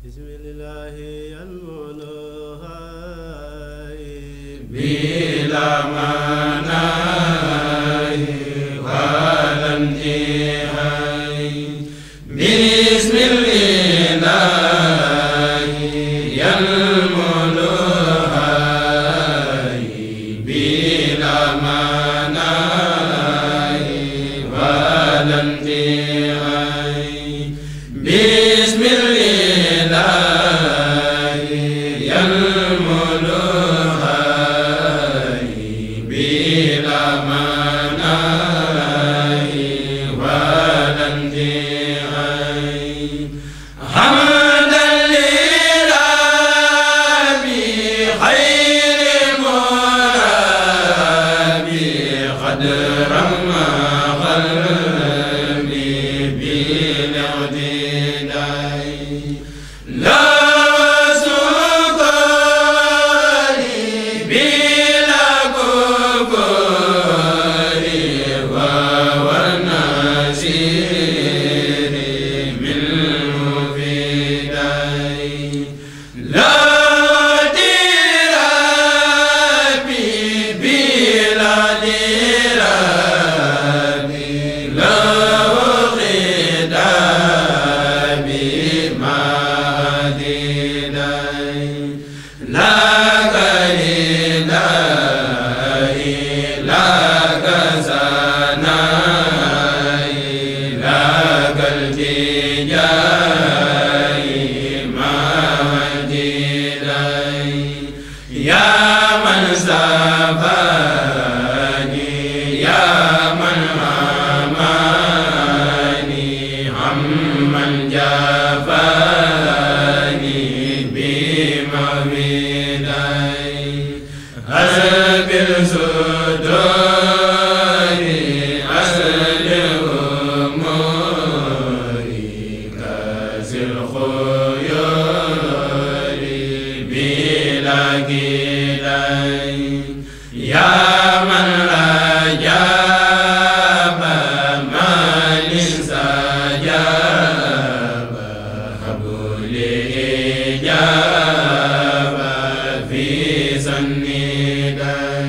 bismillahi al-munhaim bila man la sanni da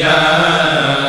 yaa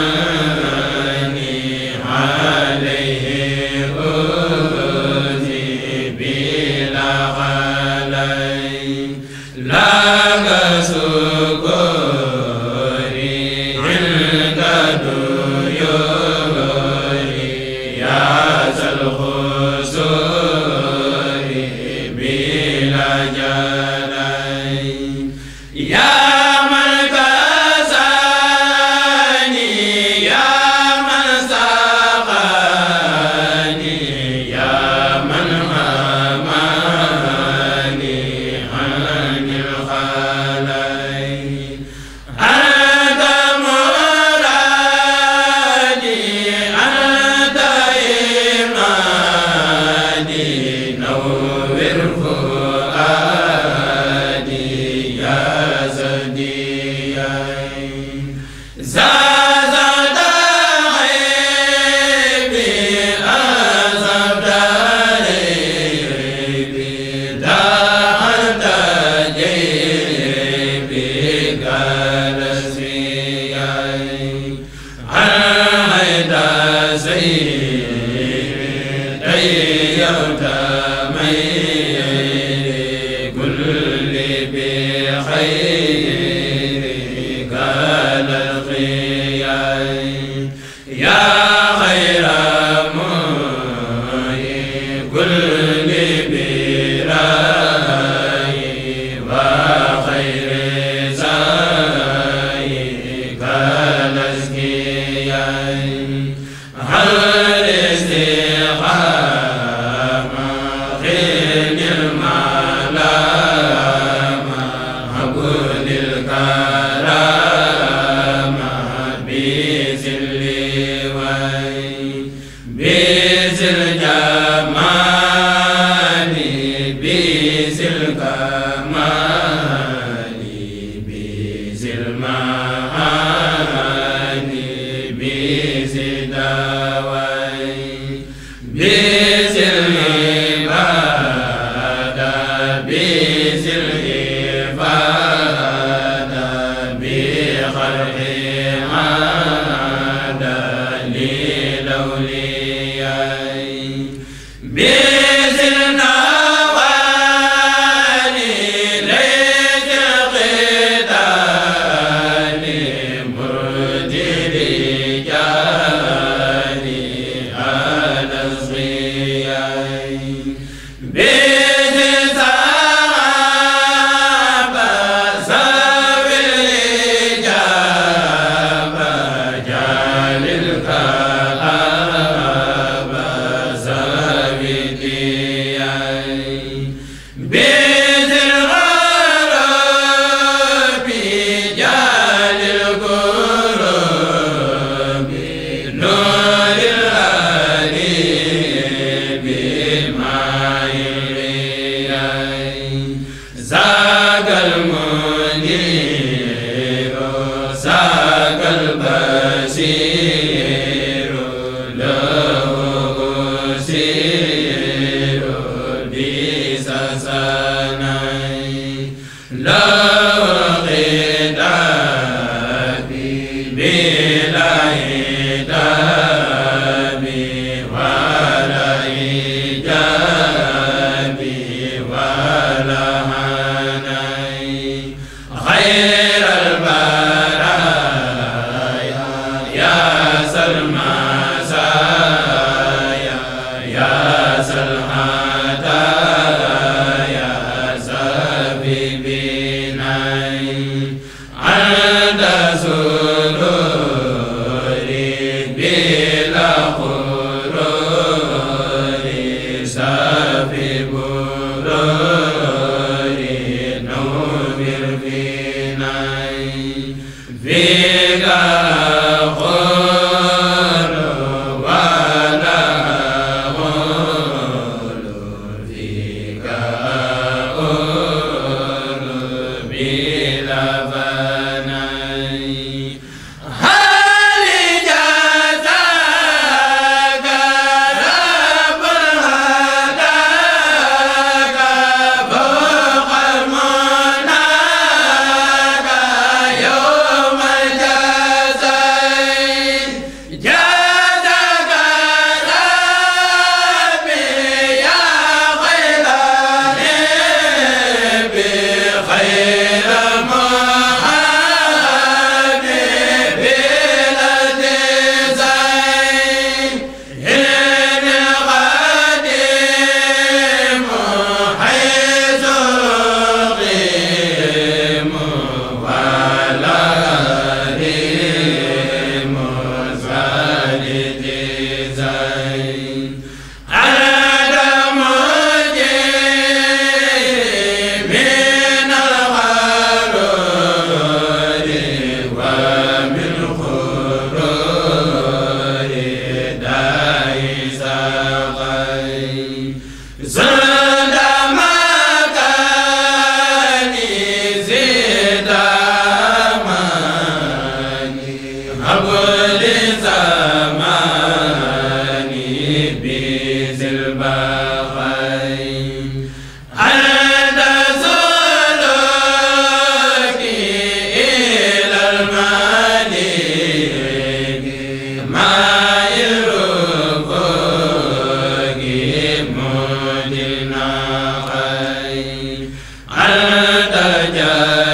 ma سيدي تيمتا bi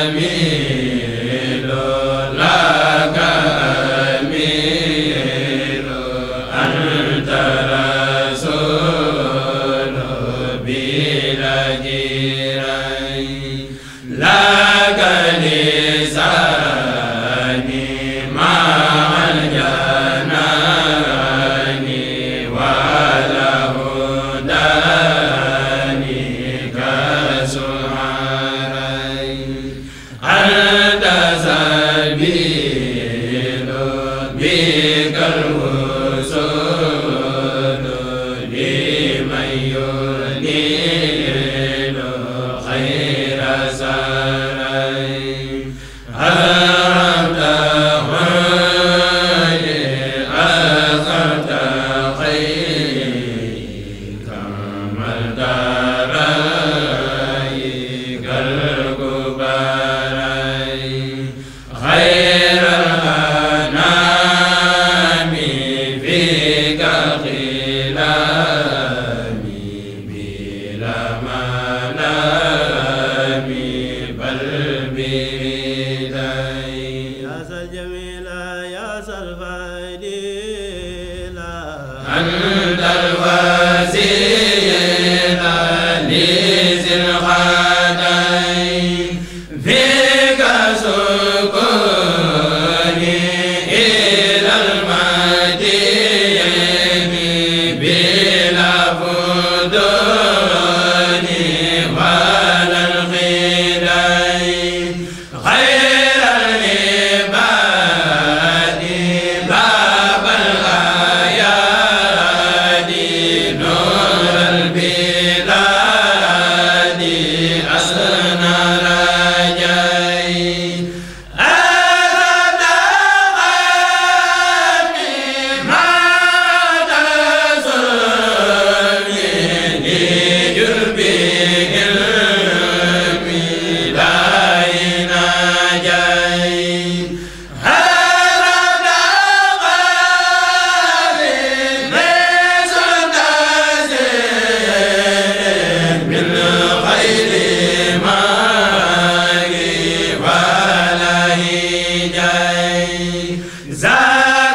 amiin الوزير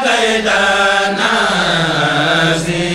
كيد ناصر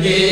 ngi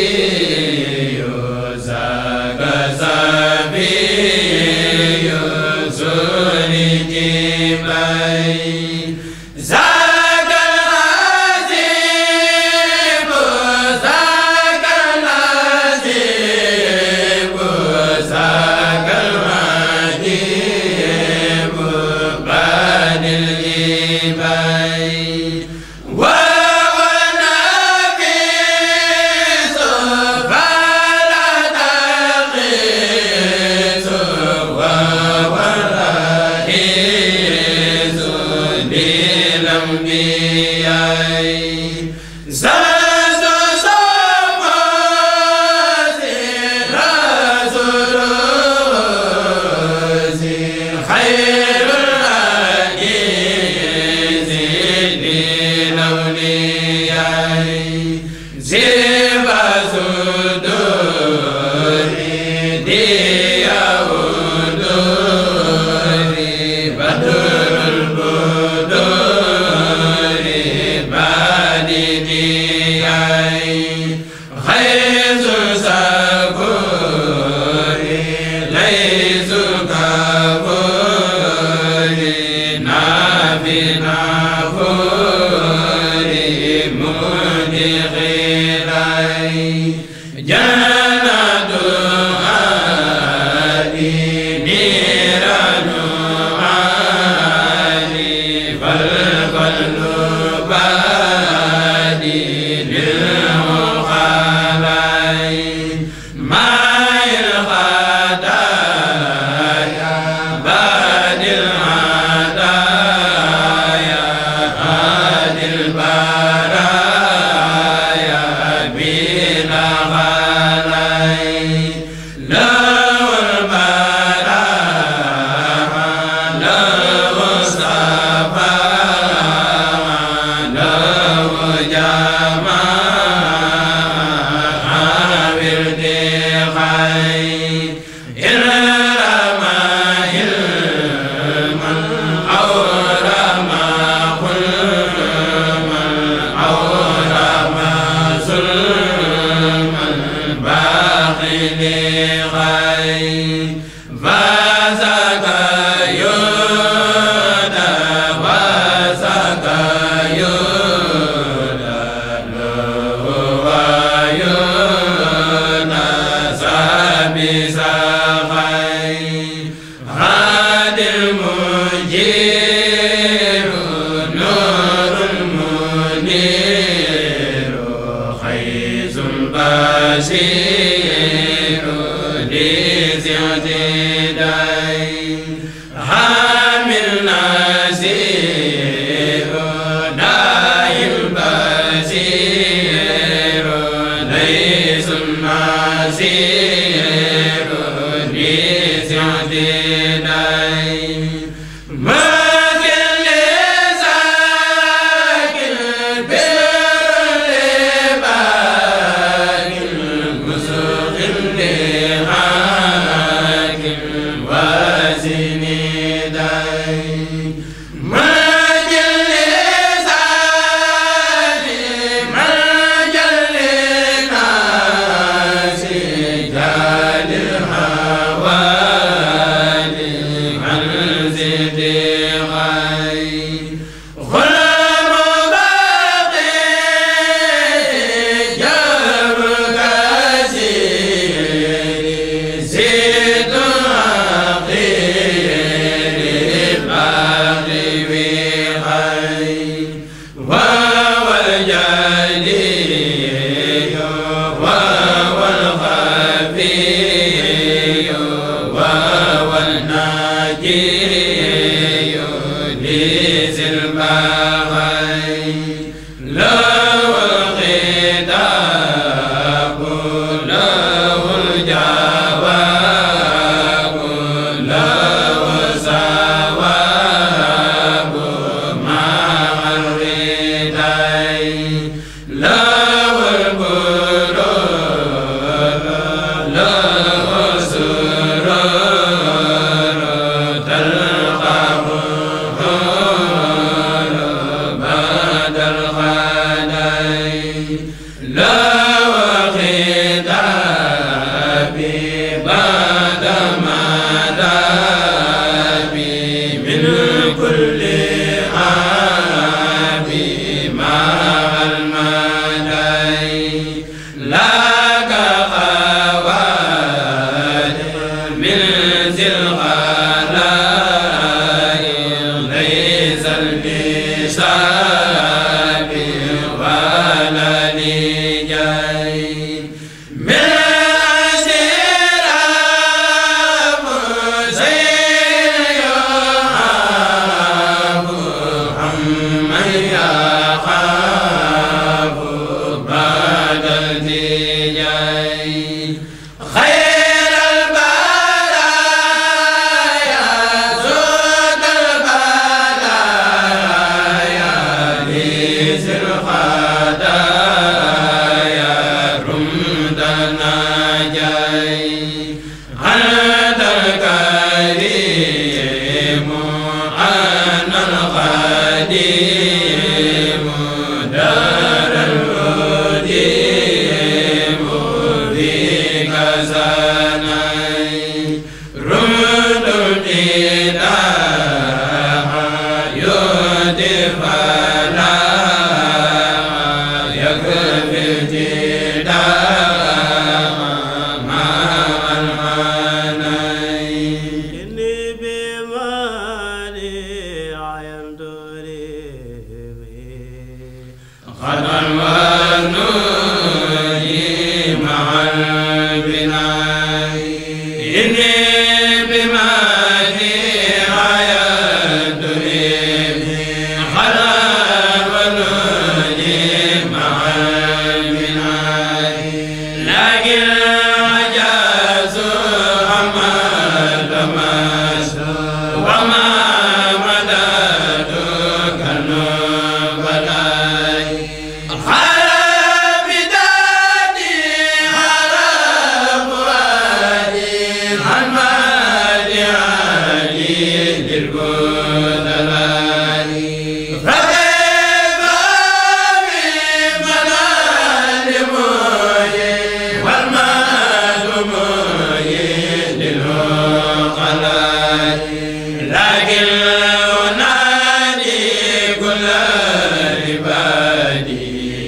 العزيز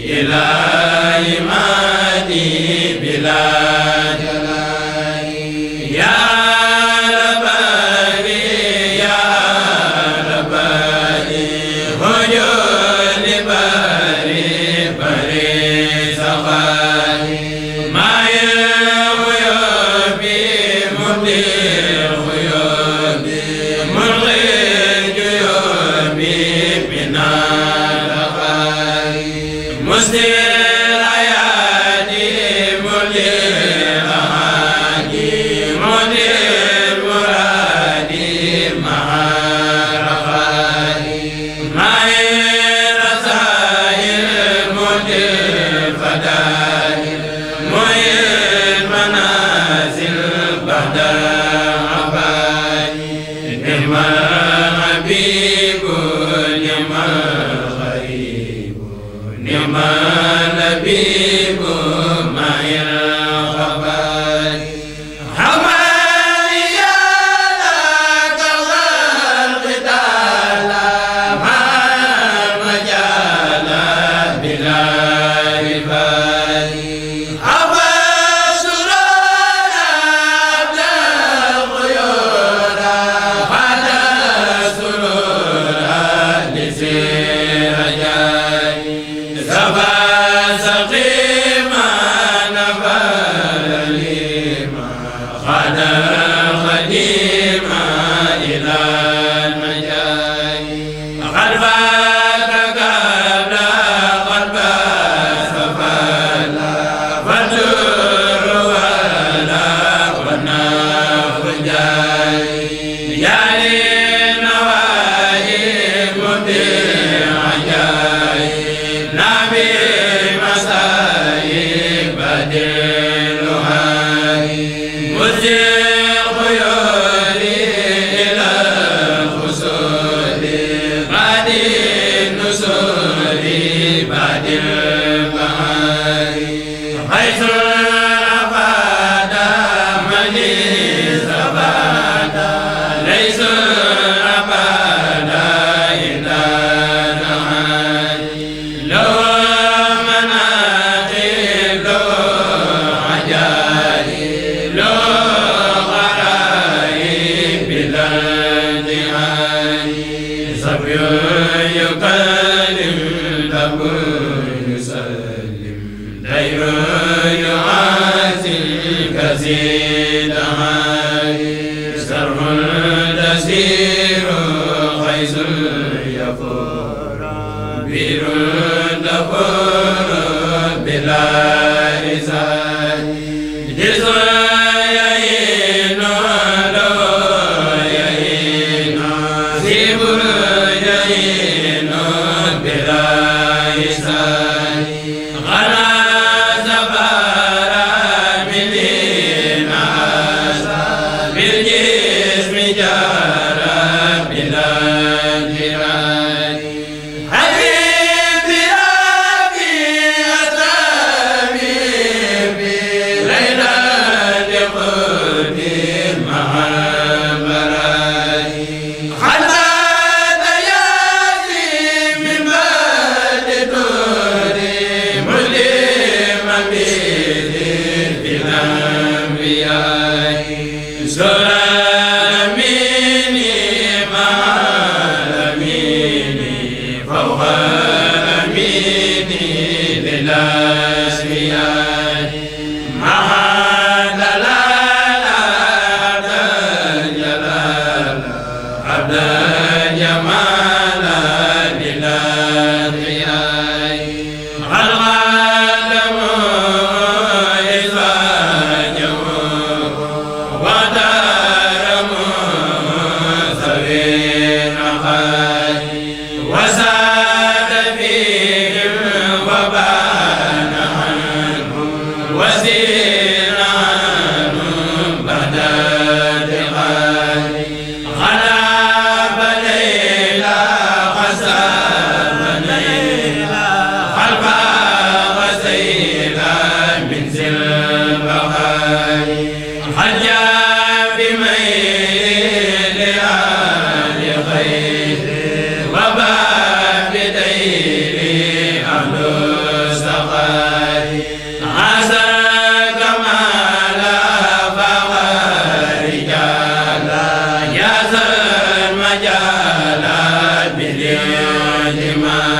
ilaa imaani la جانا بليل ما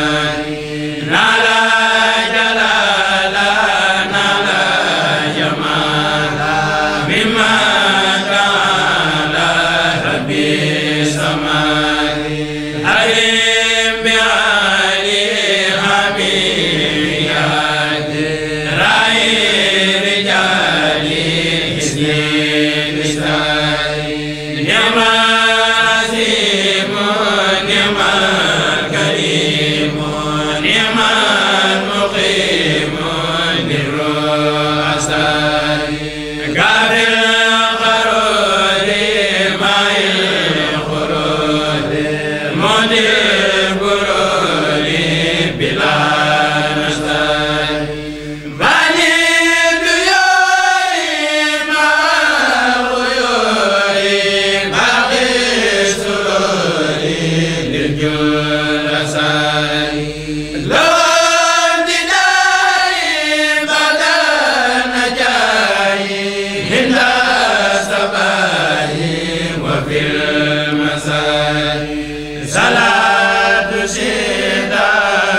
أرشد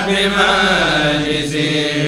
بمجلسي